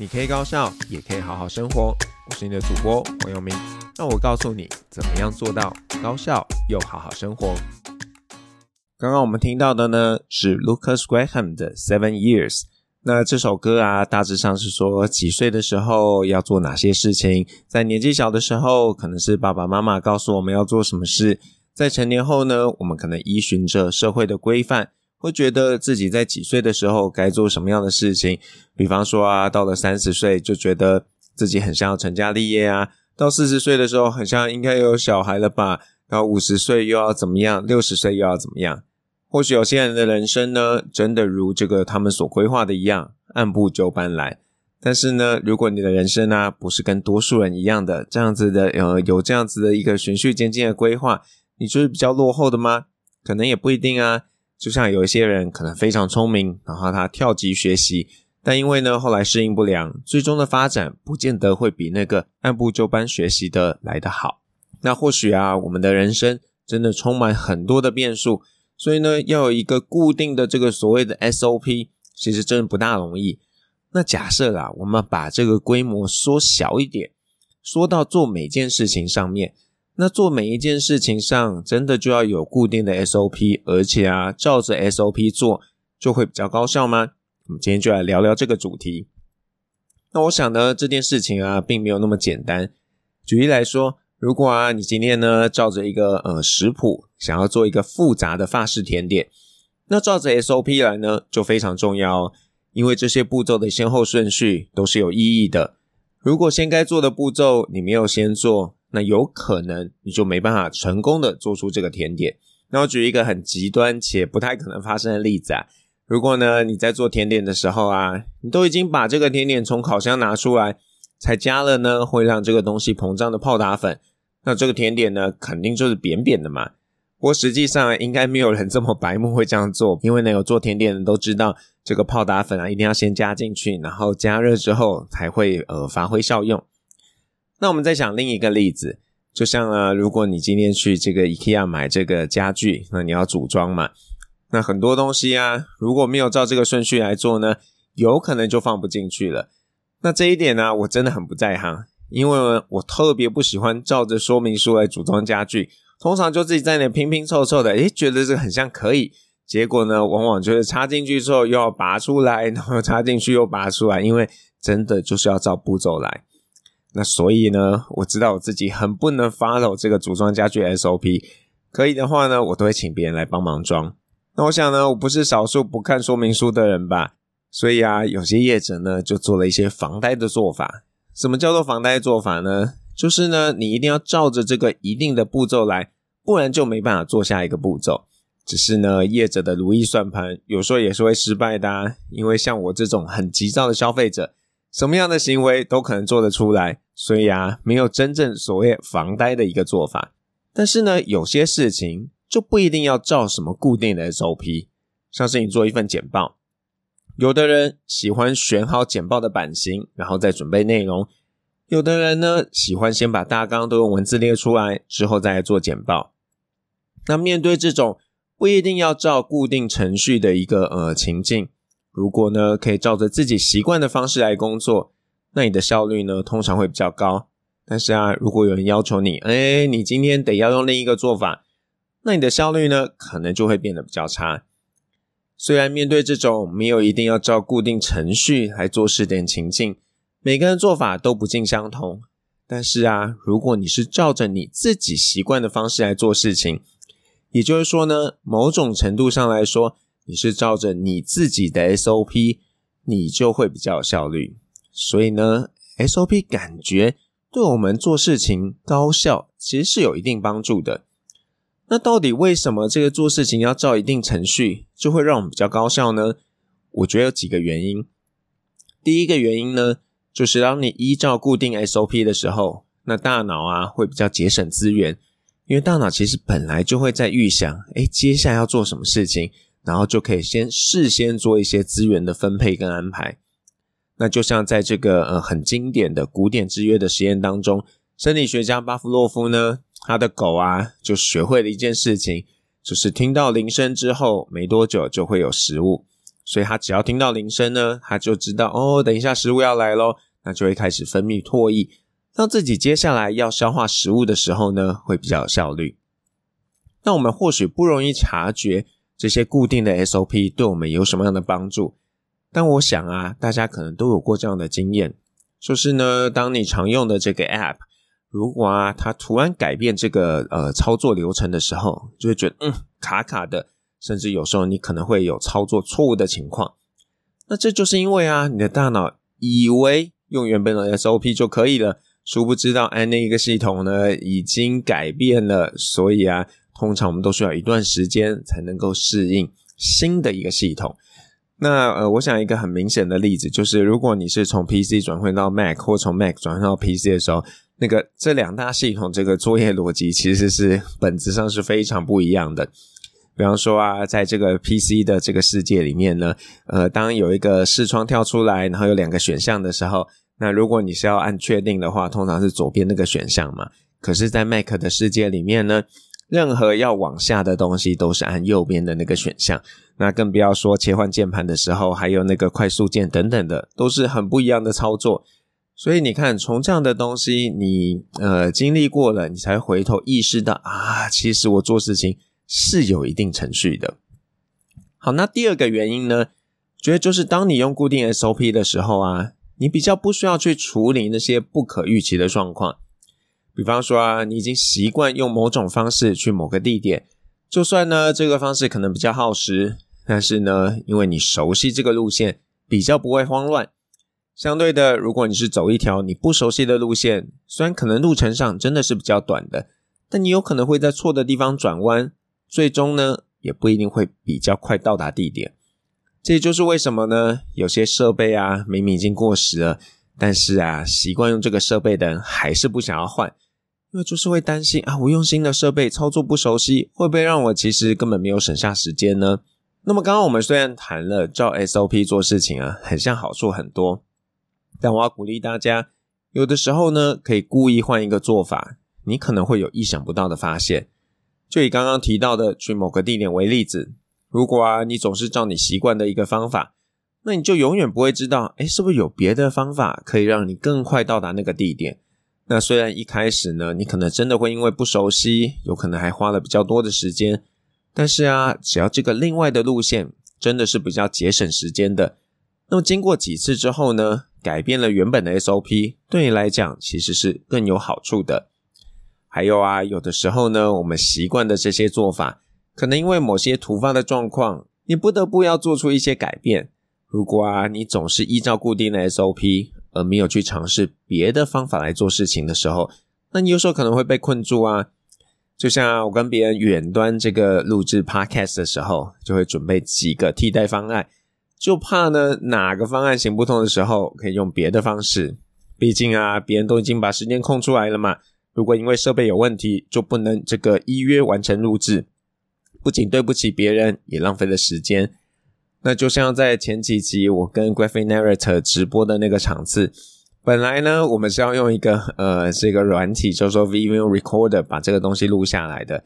你可以高效，也可以好好生活。我是你的主播黃揚名，讓我告訴你怎麼樣做到高效又好好生活。剛剛我們聽到的呢是 Lucas Graham 的 Seven Years。那這首歌啊，大致上是說幾歲的時候要做哪些事情。在年紀小的時候，可能是爸爸媽媽告訴我們要做什麼事；在成年後呢，我們可能依循着社會的規範。會覺得自己在幾歲的時候該做什麼樣的事情？比方說啊，到了三十歲就覺得自己很像要成家立業啊；到四十歲的時候很像應該有小孩了吧；到五十歲又要怎麼樣？六十歲又要怎麼樣？或許有些人的人生呢，真的如這個他們所規劃的一樣，按部就班來。但是呢，如果你的人生呢，啊，不是跟多數人一樣的這樣子的，呃，有這樣子的一個循序漸進的規劃，你就是比較落後的嗎？可能也不一定啊。就像有一些人可能非常聰明，然後他跳級學習，但因為呢後來適應不良，最終的發展不見得會比那個按部就班學習的來得好。那或許啊，我們的人生真的充滿很多的變數，所以呢，要有一個固定的這個所謂的 SOP，其實真的不大容易。那假設啊，我們把這個規模縮小一點，縮到做每件事情上面。那做每一件事情上，真的就要有固定的 SOP，而且啊，照着 SOP 做就會比較高效嗎？我們今天就來聊聊這個主題。那我想呢，這件事情啊，並沒有那麼簡單。舉例來說，如果啊，你今天呢，照着一個呃食譜想要做一個複雜的法式甜點，那照着 SOP 來呢，就非常重要哦，因為這些步驟的先後順序都是有意義的。如果先該做的步驟你沒有先做，那有可能你就沒辦法成功的做出這個甜點。那我舉一個很極端且不太可能發生的例子啊，如果呢，你在做甜點的時候啊，你都已經把這個甜點從烤箱拿出來，才加了呢會讓這個東西膨脹的泡打粉，那這個甜點呢，肯定就是扁扁的嘛。不過實際上應該沒有人這麼白目會這樣做，因為呢，有做甜點的都知道這個泡打粉啊，一定要先加進去，然後加熱之後才會呃發揮效用。那我們再想另一個例子，就像啊，如果你今天去這個 IKEA 買這個家具，那你要組裝嘛。那很多東西啊，如果沒有照這個順序來做呢，有可能就放不進去了。那這一點呢，我真的很不在行，因為我特別不喜歡照着說明書來組裝家具。通常就自己在那拼拼湊湊的，誒，覺得這個很像可以，結果呢，往往就是插進去之後又要拔出來，然後插進去又拔出來，因為真的就是要照步驟來。那所以呢，我知道我自己很不能 follow 這個組裝家具 SOP，可以的話呢，我都會請別人來幫忙裝。那我想呢，我不是少數不看說明書的人吧？所以啊，有些業者呢就做了一些防呆的做法。什麼叫做防呆做法呢？就是呢，你一定要照着這個一定的步驟來，不然就沒辦法做下一個步驟。只是呢，業者的如意算盤有時候也是會失敗的，啊，因為像我這種很急躁的消費者。什麼樣的行為都可能做得出來，所以啊，沒有真正所謂防呆的一個做法。但是呢，有些事情就不一定要照什麼固定的 SOP。像是你做一份簡報，有的人喜歡選好簡報的版型，然後再準備內容；有的人呢，喜歡先把大綱都用文字列出來，之後再來做簡報。那面對這種不一定要照固定程序的一個呃情境。如果呢，可以照着自己習慣的方式來工作，那你的效率呢，通常會比較高。但是啊，如果有人要求你，哎、欸，你今天得要用另一個做法，那你的效率呢，可能就會變得比較差。雖然面對這種沒有一定要照固定程序來做事點情境，每個人做法都不盡相同，但是啊，如果你是照着你自己習慣的方式來做事情，也就是說呢，某種程度上來說。你是照着你自己的 SOP，你就會比較有效率。所以呢，SOP 感覺對我們做事情高效，其實是有一定幫助的。那到底為什麼這個做事情要照一定程序，就會讓我們比較高效呢？我覺得有幾個原因。第一個原因呢，就是當你依照固定 SOP 的時候，那大腦啊會比較節省資源，因為大腦其實本來就會在預想，哎，接下來要做什麼事情。然後就可以先事先做一些資源的分配跟安排。那就像在這個呃很經典的古典制約的實驗當中，生理學家巴甫洛夫呢，他的狗啊就學會了一件事情，就是聽到鈴聲之後沒多久就會有食物，所以他只要聽到鈴聲呢，他就知道哦，等一下食物要來咯，那就會開始分泌唾液，當自己接下來要消化食物的時候呢，會比較有效率。那我們或許不容易察覺。這些固定的 SOP 對我們有什麼樣的幫助？但我想啊，大家可能都有過這樣的經驗，就是呢，當你常用的這個 App 如果啊，它突然改變這個呃操作流程的時候，就會覺得嗯卡卡的，甚至有時候你可能會有操作錯誤的情況。那這就是因為啊，你的大腦以為用原本的 SOP 就可以了，殊不知道按那一個系統呢已經改變了，所以啊。通常我們都需要一段時間才能夠適應新的一個系統。那呃，我想一個很明顯的例子就是，如果你是從 PC 轉換到 Mac 或從 Mac 轉換到 PC 的時候，那個這兩大系統這個作業邏輯其實是本質上是非常不一樣的。比方說啊，在這個 PC 的這個世界裡面呢，呃，當有一個視窗跳出來，然後有兩個選項的時候，那如果你是要按確定的話，通常是左邊那個選項嘛。可是，在 Mac 的世界裡面呢，任何要往下的東西都是按右邊的那個選項，那更不要說切換鍵盤的時候，還有那個快速鍵等等的，都是很不一樣的操作。所以你看，從這樣的東西你，你呃經歷過了，你才回頭意識到啊，其實我做事情是有一定程序的。好，那第二個原因呢，覺得就是當你用固定 SOP 的時候啊，你比較不需要去處理那些不可預期的狀況。比方說啊，你已經習慣用某種方式去某個地點，就算呢這個方式可能比較耗時，但是呢因為你熟悉這個路線，比較不會慌亂。相對的，如果你是走一條你不熟悉的路線，雖然可能路程上真的是比較短的，但你有可能會在錯的地方轉彎，最終呢也不一定會比較快到達地點。這也就是為什麼呢，有些設備啊明明已經過時了，但是啊習慣用這個設備的人還是不想要換。因為就是會擔心啊，我用新的設備操作不熟悉，會不會讓我其實根本沒有省下時間呢？那麼剛剛我們雖然談了照 SOP 做事情啊，很像好處很多，但我要鼓勵大家，有的時候呢，可以故意換一個做法，你可能會有意想不到的發現。就以剛剛提到的去某個地點為例子，如果啊你總是照你習慣的一個方法，那你就永遠不會知道，哎，是不是有別的方法可以讓你更快到達那個地點？那雖然一開始呢，你可能真的會因為不熟悉，有可能還花了比較多的時間，但是啊，只要這個另外的路線真的是比較節省時間的，那麼經過幾次之後呢，改變了原本的 SOP，對你來講其實是更有好處的。還有啊，有的時候呢，我們習慣的這些做法，可能因為某些突發的狀況，你不得不要做出一些改變。如果啊，你總是依照固定的 SOP。而沒有去嘗試別的方法來做事情的時候，那你有時候可能會被困住啊。就像啊，我跟別人遠端這個錄製 Podcast 的時候，就會準備幾個替代方案，就怕呢哪個方案行不通的時候，可以用別的方式。畢竟啊，別人都已經把時間空出來了嘛。如果因為設備有問題，就不能這個依約完成錄製，不僅對不起別人，也浪費了時間。那就像在前幾集我跟 Graphic Narrator 直播的那個場次，本來呢我們是要用一個呃這個軟體叫做 v i o Recorder 把這個東西錄下來的，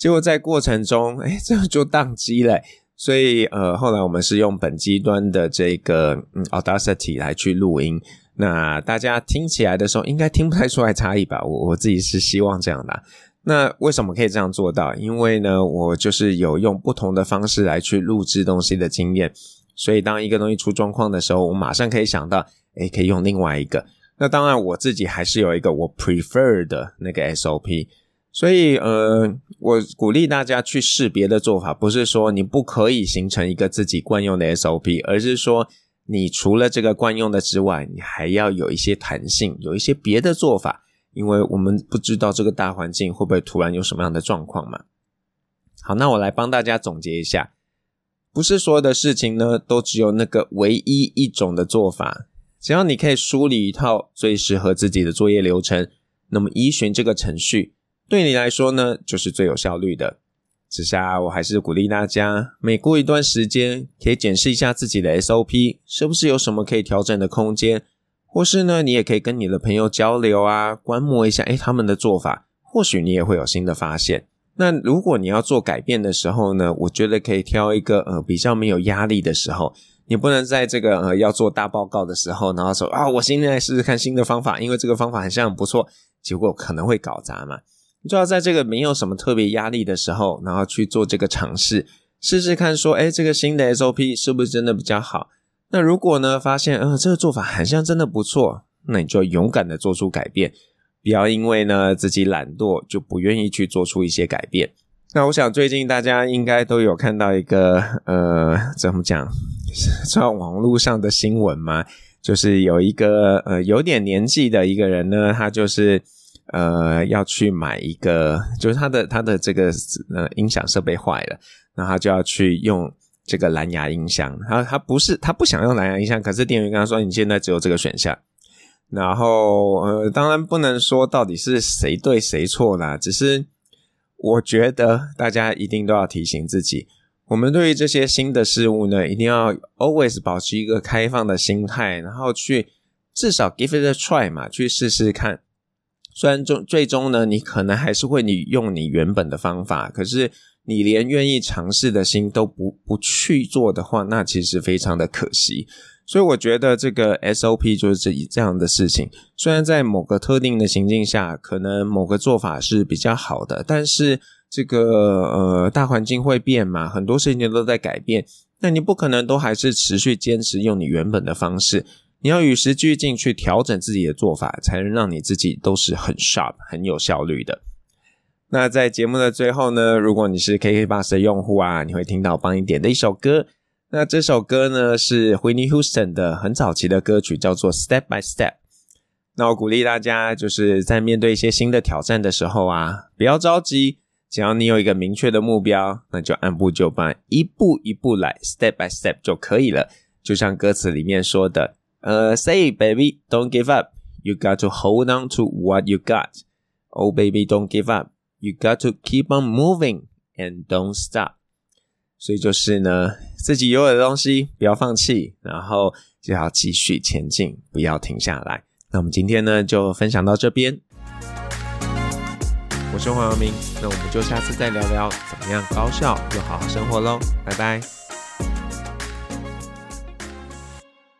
結果在過程中哎、欸、這樣就宕機了，所以呃後來我們是用本機端的這個、嗯、Audacity 來去錄音，那大家聽起來的時候應該聽不太出來差異吧？我我自己是希望這樣的。那為什麼可以這樣做到？因為呢，我就是有用不同的方式來去錄制東西的經驗，所以當一個東西出狀況的時候，我馬上可以想到，哎，可以用另外一個。那當然，我自己還是有一個我 prefer 的那個 SOP，所以呃，我鼓勵大家去試別的做法，不是說你不可以形成一個自己慣用的 SOP，而是說你除了這個慣用的之外，你還要有一些彈性，有一些別的做法。因為我們不知道這個大環境會不會突然有什麼樣的狀況嘛。好，那我來幫大家總結一下，不是所有的事情呢都只有那個唯一一種的做法。只要你可以梳理一套最適合自己的作業流程，那麼依循這個程序，對你來說呢就是最有效率的。之下，我還是鼓勵大家，每過一段時間可以檢視一下自己的 SOP，是不是有什麼可以調整的空間。或是呢，你也可以跟你的朋友交流啊，觀摩一下，哎，他們的做法，或許你也會有新的發現。那如果你要做改變的時候呢，我覺得可以挑一個呃比較沒有壓力的時候，你不能在這個呃要做大報告的時候，然後說啊，我現在試試看新的方法，因為這個方法好像很不錯，結果可能會搞砸嘛。你就要在這個沒有什麼特別壓力的時候，然後去做這個嘗試，試試看說，哎，這個新的 SOP 是不是真的比較好？那如果呢，發現，呃，這個做法好像真的不錯，那你就勇敢的做出改變，不要因為呢自己懶惰就不願意去做出一些改變。那我想最近大家應該都有看到一個，呃，怎麼講，在網絡上的新聞嘛，就是有一個呃有點年紀的一個人呢，他就是呃要去買一個，就是他的他的這個呃音響設備壞了，那他就要去用。這個藍牙音箱，他他不是，他不想用藍牙音箱，可是店員跟他說，你現在只有這個選項，然後呃，當然不能說到底是誰對誰錯啦，只是我覺得大家一定都要提醒自己，我們對於這些新的事物呢，一定要 always 保持一個開放的心態，然後去至少 give it a try 嘛，去試試看。雖然最終呢，你可能還是會你用你原本的方法，可是，你連願意嘗試的心都不不去做的話，那其實非常的可惜。所以我覺得這個 SOP 就是這這樣的事情。雖然在某個特定的情境下，可能某個做法是比較好的，但是這個呃大環境會變嘛，很多事情都在改變。那你不可能都還是持續堅持用你原本的方式，你要與時俱進去調整自己的做法，才能讓你自己都是很 sharp、很有效率的。那在節目的最後呢，如果你是 KKBOX 的用戶啊，你會聽到我幫你點的一首歌。那這首歌呢是 Whitney Houston 的很早期的歌曲，叫做 Step by Step。那我鼓勵大家，就是在面對一些新的挑戰的時候啊，不要着急，只要你有一個明確的目標，那就按部就班，一步一步來，Step by Step 就可以了。就像歌詞裡面說的，呃，Say baby don't give up，You got to hold on to what you got，Oh baby don't give up。You got to keep on moving and don't stop。所以就是呢，自己有的東西不要放棄，然後就要繼續前進，不要停下來。那我們今天呢就分享到這邊。 我是黃耀明，那我們就下次再聊聊怎麼樣高效又好好生活嘍。拜拜。